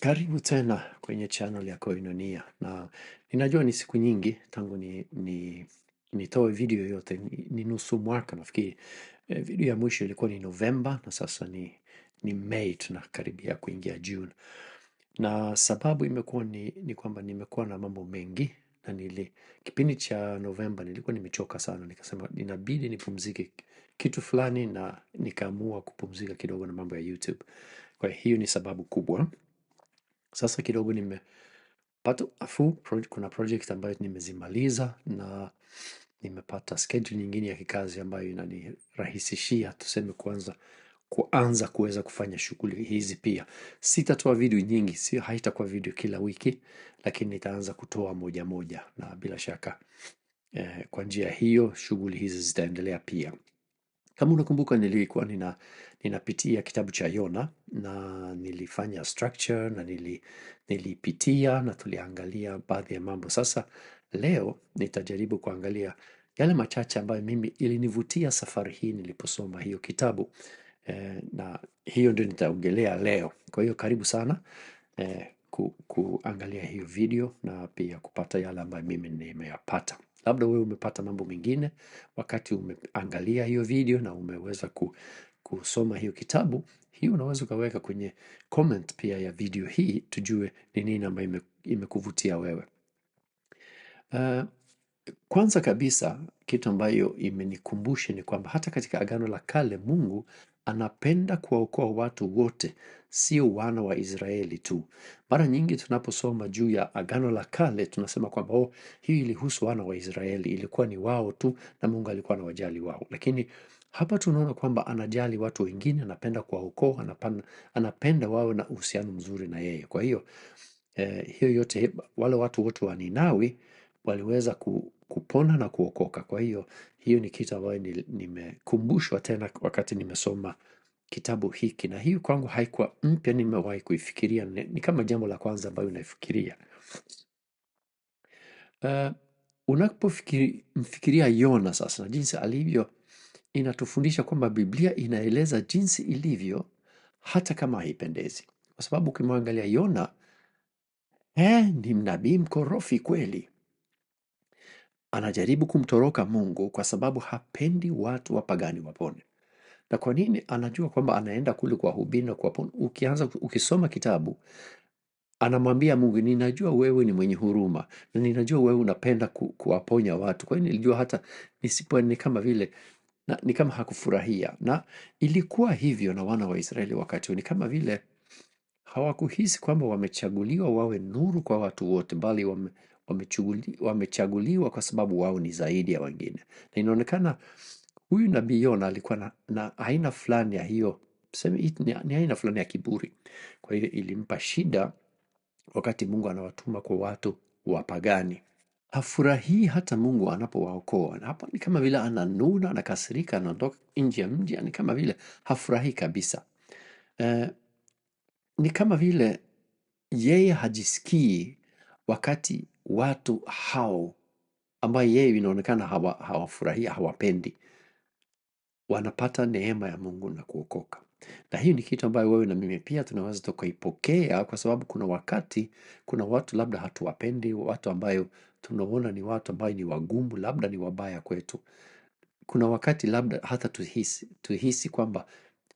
Karibu tena kwenye channel ya Koinonia, na ninajua ni siku nyingi tangu ni, ni nitoe video yote ni, ni nusu mwaka nafikiri. E, video ya mwisho ilikuwa ni Novemba na sasa ni, ni Mei, tunakaribia kuingia June, na sababu imekuwa ni, ni kwamba nimekuwa na mambo mengi na nili, kipindi cha Novemba nilikuwa nimechoka sana, nikasema inabidi nipumzike kitu fulani, na nikaamua kupumzika kidogo na mambo ya YouTube. Kwa hiyo ni sababu kubwa sasa kidogo nimepata afu, kuna project ambayo nimezimaliza na nimepata schedule nyingine ya kikazi ambayo inanirahisishia tuseme kuanza kuanza kuweza kufanya shughuli hizi pia. Sitatoa video nyingi, si haitakuwa video kila wiki, lakini nitaanza kutoa moja moja na bila shaka eh, kwa njia hiyo shughuli hizi zitaendelea pia. Kama unakumbuka nilikuwa nina, ninapitia kitabu cha Yona na nilifanya structure na nili, nilipitia na tuliangalia baadhi ya mambo. Sasa leo nitajaribu kuangalia yale machache ambayo mimi ilinivutia safari hii niliposoma hiyo kitabu e, na hiyo ndio nitaongelea leo. Kwa hiyo karibu sana e, ku, kuangalia hiyo video na pia kupata yale ambayo mimi nimeyapata. Labda wewe umepata mambo mengine wakati umeangalia hiyo video na umeweza kusoma hiyo kitabu. Hii unaweza ukaweka kwenye comment pia ya video hii, tujue ni nini ambayo imekuvutia wewe. Uh, kwanza kabisa kitu ambayo imenikumbusha ni kwamba hata katika Agano la Kale Mungu anapenda kuwaokoa watu wote, sio wana wa Israeli tu. Mara nyingi tunaposoma juu ya Agano la Kale tunasema kwamba oh, hii ilihusu wana wa Israeli, ilikuwa ni wao tu na Mungu alikuwa na wajali wao, lakini hapa tunaona kwamba anajali watu wengine, anapenda kuwaokoa, anapenda wawe na uhusiano mzuri na yeye. Kwa hiyo eh, hiyo yote, wale watu wote wa Ninawi waliweza kupona na kuokoka. Kwa hiyo hiyo ni kitu ambayo nimekumbushwa tena wakati nimesoma kitabu hiki, na hiyo kwangu haikuwa mpya, nimewahi kuifikiria, ni kama jambo la kwanza ambayo unaifikiria. Uh, eh, unapomfikiria Yona sasa na jinsi alivyo, inatufundisha kwamba Biblia inaeleza jinsi ilivyo hata kama haipendezi, kwa sababu ukimwangalia Yona eh, ni mnabii mkorofi kweli, anajaribu kumtoroka Mungu kwa sababu hapendi watu wapagani wapone. Na kwa nini? Anajua kwamba anaenda kule kuwahubiri na kuwapona. Ukianza ukisoma kitabu anamwambia Mungu, ninajua wewe ni mwenye huruma na ninajua wewe unapenda ku, kuwaponya watu. Kwa hiyo nilijua hata nisipoenda kama vile na, ni kama hakufurahia, na ilikuwa hivyo na wana wa Israeli wakati huo, ni kama vile hawakuhisi kwamba wamechaguliwa wawe nuru kwa watu wote, bali wame, wamechaguliwa kwa sababu wao ni zaidi ya wengine, na inaonekana huyu nabii Yona alikuwa na, na aina fulani ya hiyo tuseme, ni ni aina fulani ya kiburi. Kwa hiyo ilimpa shida wakati Mungu anawatuma kwa watu wapagani afurahii hata Mungu anapowaokoa. Hapo ni kama vile ananuna, anakasirika, anaondoka nje ya mji, ni kama vile hafurahii kabisa. Eh, ni kama vile yeye hajisikii wakati watu hao ambayo yeye inaonekana hawafurahia hawa hawapendi, wanapata neema ya Mungu na kuokoka. Na hiyo ni kitu ambayo wewe na mimi pia tunaweza tukaipokea, kwa sababu kuna wakati, kuna watu labda hatuwapendi, watu ambayo tunaona ni watu ambayo ni wagumu, labda ni wabaya kwetu. Kuna wakati labda hata tuhisi, tuhisi kwamba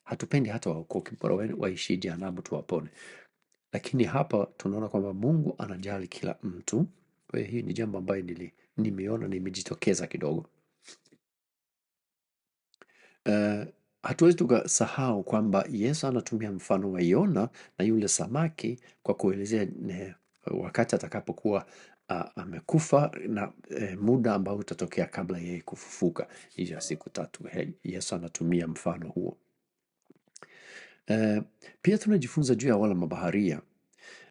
hatupendi hata waokoke, bora waishi jehanamu tuwapone. Lakini hapa tunaona kwamba Mungu anajali kila mtu kwa hii ni jambo ambayo nili, nimeona nimejitokeza kidogo. Uh, hatuwezi tukasahau kwamba Yesu anatumia mfano wa Yona na yule samaki kwa kuelezea ne, eh, wakati atakapokuwa uh, amekufa na uh, muda ambao utatokea kabla yeye kufufuka, hiyo ya siku tatu. Yesu anatumia mfano huo. Uh, pia tunajifunza juu ya wale mabaharia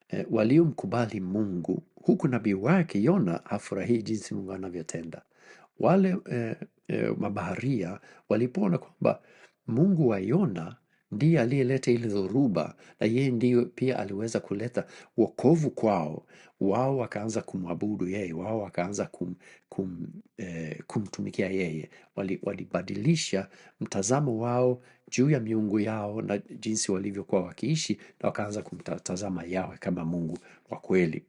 eh, waliomkubali Mungu, huku nabii wake Yona hafurahii jinsi Mungu anavyotenda. Wale eh, eh, mabaharia walipoona kwamba Mungu wa Yona ndiye aliyeleta ile dhoruba na yeye ndiyo pia aliweza kuleta wokovu kwao. Wao wakaanza kumwabudu yeye, wao wakaanza kum, kum, eh, kumtumikia yeye. Wali, walibadilisha mtazamo wao juu ya miungu yao na jinsi walivyokuwa wakiishi, na wakaanza kumtazama yawe kama Mungu wa kweli.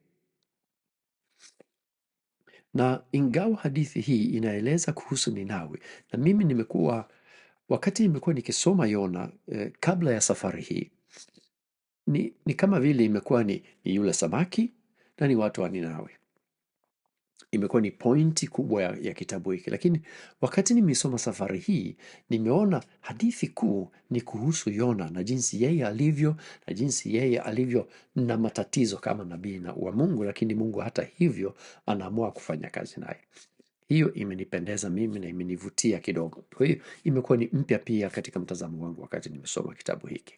Na ingawa hadithi hii inaeleza kuhusu Ninawi, na mimi nimekuwa Wakati imekuwa nikisoma Yona eh, kabla ya safari hii ni, ni kama vile imekuwa ni, ni yule samaki na ni watu wa Imekuwa ni pointi kubwa ya, ya kitabu hiki, lakini wakati nimesoma safari hii nimeona hadithi kuu ni kuhusu Yona na jinsi yeye alivyo na jinsi yeye alivyo na matatizo kama nabii na wa Mungu, lakini Mungu hata hivyo anaamua kufanya kazi naye. Hiyo imenipendeza mimi na imenivutia kidogo. Kwa hiyo imekuwa ni mpya pia katika mtazamo wangu wakati nimesoma kitabu hiki.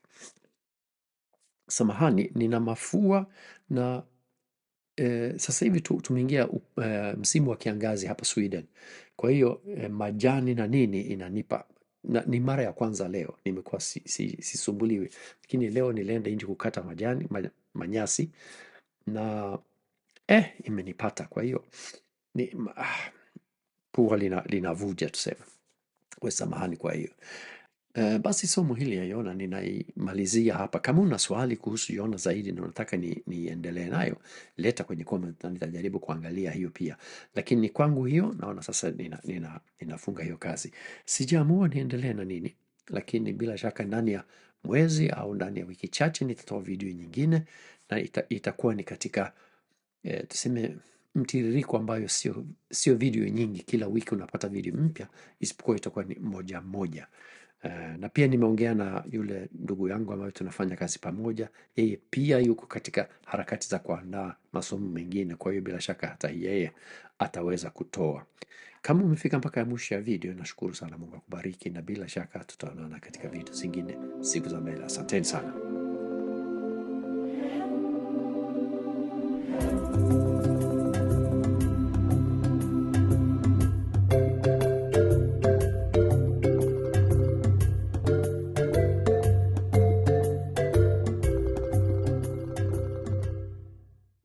Samahani, nina mafua na e, sasa hivi tu, tumeingia e, msimu wa kiangazi hapa Sweden. Kwa hiyo e, majani na nini inanipa na, ni mara ya kwanza leo nimekuwa sisumbuliwi si, si lakini leo nilienda nje kukata majani ma, manyasi na eh, imenipata kwa hiyo ni, ah, kuwa lina, linavuja tuseme. We samahani kwa hiyo. Uh, basi somo hili ya Yona ninaimalizia hapa. Kama una swali kuhusu Yona zaidi na unataka niendelee ni nayo, leta kwenye comment na nitajaribu kuangalia hiyo pia, lakini kwangu hiyo naona sasa ninafunga nina, nina hiyo kazi. Sijaamua niendelee na nini, lakini bila shaka ndani ya mwezi au ndani ya wiki chache nitatoa video nyingine na itakuwa ita, ni katika eh, tuseme mtiririko ambayo sio sio video nyingi, kila wiki unapata video mpya, isipokuwa itakuwa ni moja moja. Uh, na pia nimeongea na yule ndugu yangu ambayo tunafanya kazi pamoja, yeye pia yuko katika harakati za kuandaa masomo mengine. Kwa hiyo bila shaka hata yeye ataweza kutoa. Kama umefika mpaka mwisho ya video, nashukuru sana. Mungu akubariki, na bila shaka tutaonana katika video zingine siku za mbele. Asanteni sana.